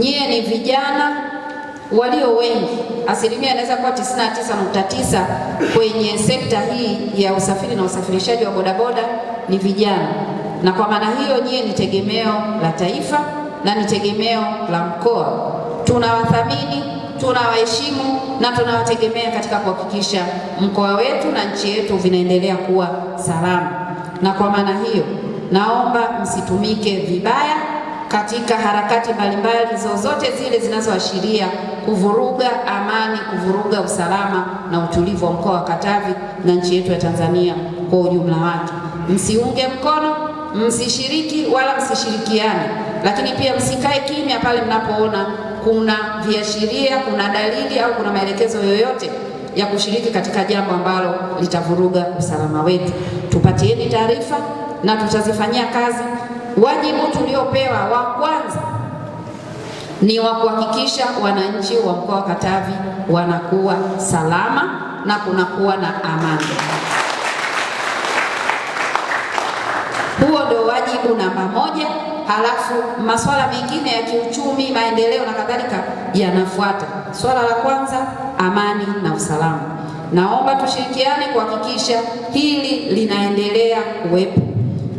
nyie ni vijana walio wengi, asilimia inaweza kuwa 99.9 kwenye sekta hii ya usafiri na usafirishaji wa bodaboda ni vijana, na kwa maana hiyo nyie ni tegemeo la taifa na ni tegemeo la mkoa. Tunawathamini, tunawaheshimu na tunawategemea katika kuhakikisha mkoa wetu na nchi yetu vinaendelea kuwa salama, na kwa maana hiyo naomba msitumike vibaya katika harakati mbalimbali zozote zile zinazoashiria kuvuruga amani, kuvuruga usalama na utulivu wa mkoa wa Katavi na nchi yetu ya Tanzania kwa ujumla wake. Msiunge mkono, msishiriki wala msishirikiane, lakini pia msikae kimya pale mnapoona kuna viashiria, kuna dalili au kuna maelekezo yoyote ya kushiriki katika jambo ambalo litavuruga usalama wetu. Tupatieni taarifa na tutazifanyia kazi Wajibu tuliopewa wa kwanza ni wa kuhakikisha wananchi wa mkoa wa Katavi wanakuwa salama na kunakuwa na amani. Huo ndio wajibu namba moja. Halafu masuala mengine ya kiuchumi, maendeleo na kadhalika yanafuata. Swala la kwanza, amani na usalama. Naomba tushirikiane kuhakikisha hili linaendelea kuwepo.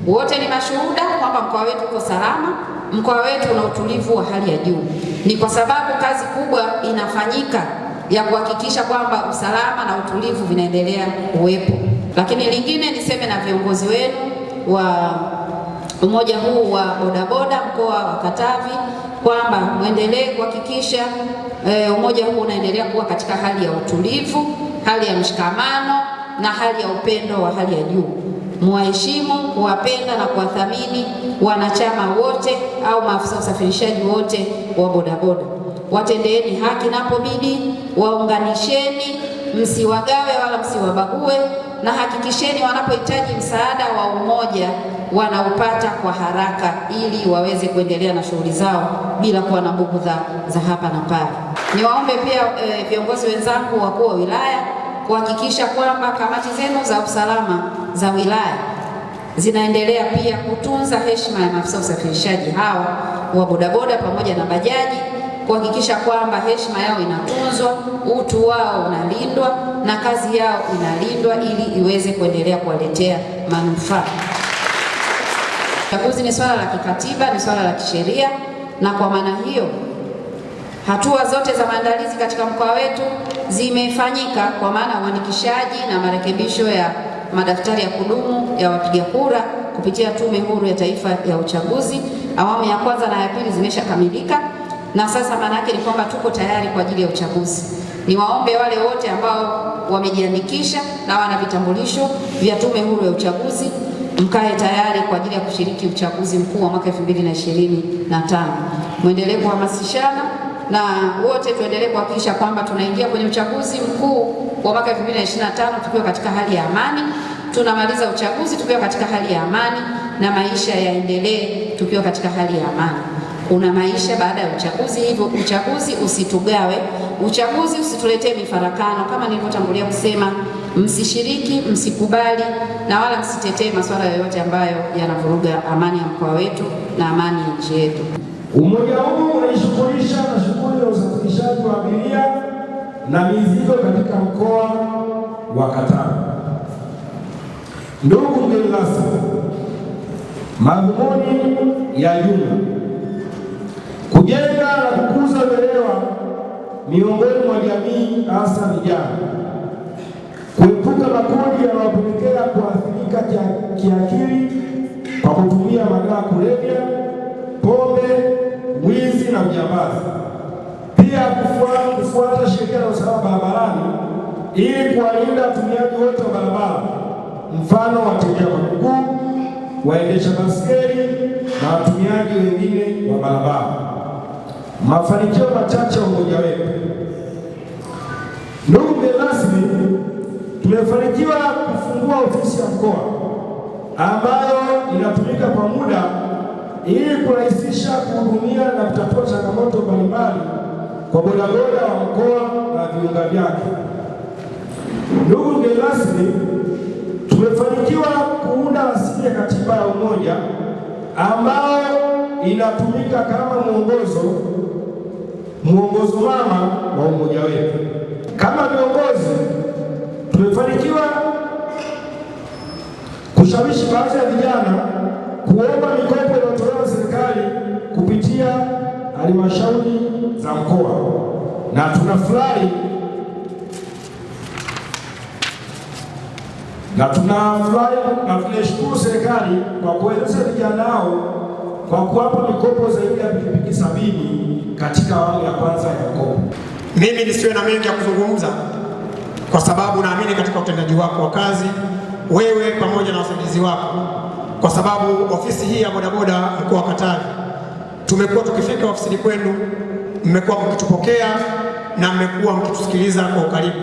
Wote ni mashuhuda kwamba mkoa wetu uko salama, mkoa wetu una utulivu wa hali ya juu. Ni kwa sababu kazi kubwa inafanyika ya kuhakikisha kwamba usalama na utulivu vinaendelea kuwepo. Lakini lingine niseme na viongozi wenu wa umoja huu wa bodaboda mkoa wa Katavi kwamba muendelee kuhakikisha e, umoja huu unaendelea kuwa katika hali ya utulivu, hali ya mshikamano na hali ya upendo wa hali ya juu mwaheshimu kuwapenda na kuwathamini wanachama wote au maafisa usafirishaji wote wa bodaboda. Watendeeni haki napobidi, waunganisheni, msiwagawe wala msiwabague, na hakikisheni wanapohitaji msaada wa umoja wanaupata kwa haraka, ili waweze kuendelea na shughuli zao bila kuwa na bugudha za hapa na pale. Niwaombe pia eh, viongozi e, wenzangu wakuu wa wilaya kuhakikisha kwamba kamati zenu za usalama za wilaya zinaendelea pia kutunza heshima ya maafisa usafirishaji hawa wa bodaboda pamoja na bajaji, kuhakikisha kwamba heshima yao inatunzwa, utu wao unalindwa na kazi yao inalindwa ili iweze kuendelea kuwaletea manufaa. Uchaguzi ni swala la kikatiba, ni swala la kisheria, na kwa maana hiyo Hatua zote za maandalizi katika mkoa wetu zimefanyika kwa maana uandikishaji na marekebisho ya madaftari ya kudumu ya wapiga kura kupitia Tume Huru ya Taifa ya Uchaguzi. Awamu ya kwanza na ya pili zimeshakamilika na sasa maana yake ni kwamba tuko tayari kwa ajili ya uchaguzi. Niwaombe wale wote ambao wamejiandikisha na wana vitambulisho vya Tume Huru ya Uchaguzi mkae tayari kwa ajili ya kushiriki uchaguzi mkuu wa mwaka 2025. Muendelee kuhamasishana na wote tuendelee kuhakikisha kwamba tunaingia kwenye uchaguzi mkuu wa mwaka 2025 tukiwa katika hali ya amani, tunamaliza uchaguzi tukiwa katika hali ya amani, na maisha yaendelee tukiwa katika hali ya amani. Kuna maisha baada ya uchaguzi, hivyo uchaguzi usitugawe, uchaguzi usituletee mifarakano. Kama nilivyotangulia kusema, msishiriki, msikubali na wala msitetee masuala yoyote ambayo yanavuruga amani ya mkoa wetu na amani ya nchi yetu. Umoja huu unajishughulisha na shughuli ya usafirishaji wa abiria na mizigo katika mkoa wa Katavi. Ndugu mgeni rasmi, madhumuni ya jumla kujenga na kukuza uelewa miongoni mwa jamii, hasa vijana, kuepuka makundi yanayopelekea kuathirika kiakili kwa kutumia madawa kulevya na ujambazi, pia kufuata sheria ya usalama barabarani ili kuwalinda watumiaji wote wa barabara, mfano watembea kwa miguu, waendesha baskeli na watumiaji wengine wa barabara. Mafanikio machache ya umoja wetu, ndugu mgeni rasmi, tumefanikiwa kufungua ofisi ya mkoa ambayo inatumika kwa muda ili kurahisisha kuhudumia na kutatua changamoto mbalimbali kwa bodaboda wa mkoa na viunga vyake. Ndugu mgeni rasmi, tumefanikiwa kuunda asili ya katiba ya umoja ambayo inatumika kama mwongozo mwongozo mama wa umoja wetu. Kama viongozi tumefanikiwa kushawishi baadhi ya vijana kuomba mikopo kupitia halmashauri za mkoa, na tunafurahi na tunafurahi na tunashukuru serikali kwa kuwezesha vijana hao kwa kuwapa mikopo zaidi ya pikipiki sabini katika awamu ya kwanza ya mkopo. Mimi nisiwe na mengi ya kuzungumza kwa sababu naamini katika utendaji wako wa kazi wewe pamoja na wasaidizi wako, kwa sababu ofisi hii ya bodaboda mkoa wa Katavi tumekuwa tukifika ofisini kwenu, mmekuwa mkitupokea na mmekuwa mkitusikiliza kwa ukaribu.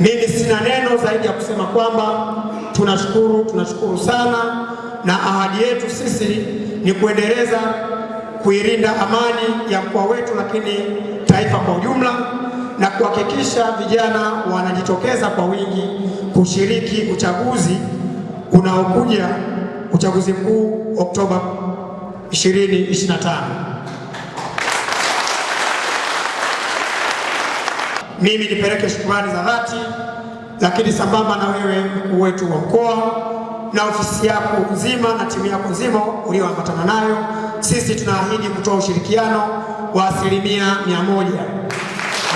Mimi sina neno zaidi ya kusema kwamba tunashukuru, tunashukuru sana, na ahadi yetu sisi ni kuendeleza kuilinda amani ya mkoa wetu, lakini taifa kwa ujumla, na kuhakikisha vijana wanajitokeza kwa wingi kushiriki uchaguzi unaokuja, uchaguzi mkuu Oktoba 2025. Mimi nipeleke shukrani za dhati, lakini sambamba na wewe mkuu wetu wa mkoa na ofisi yako nzima na timu yako nzima ulioambatana nayo, sisi tunaahidi kutoa ushirikiano wa asilimia mia moja.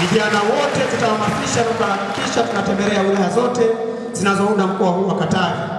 Vijana wote tutahamasisha na kuhakikisha tunatembelea wilaya zote zinazounda mkoa huu wa Katavi.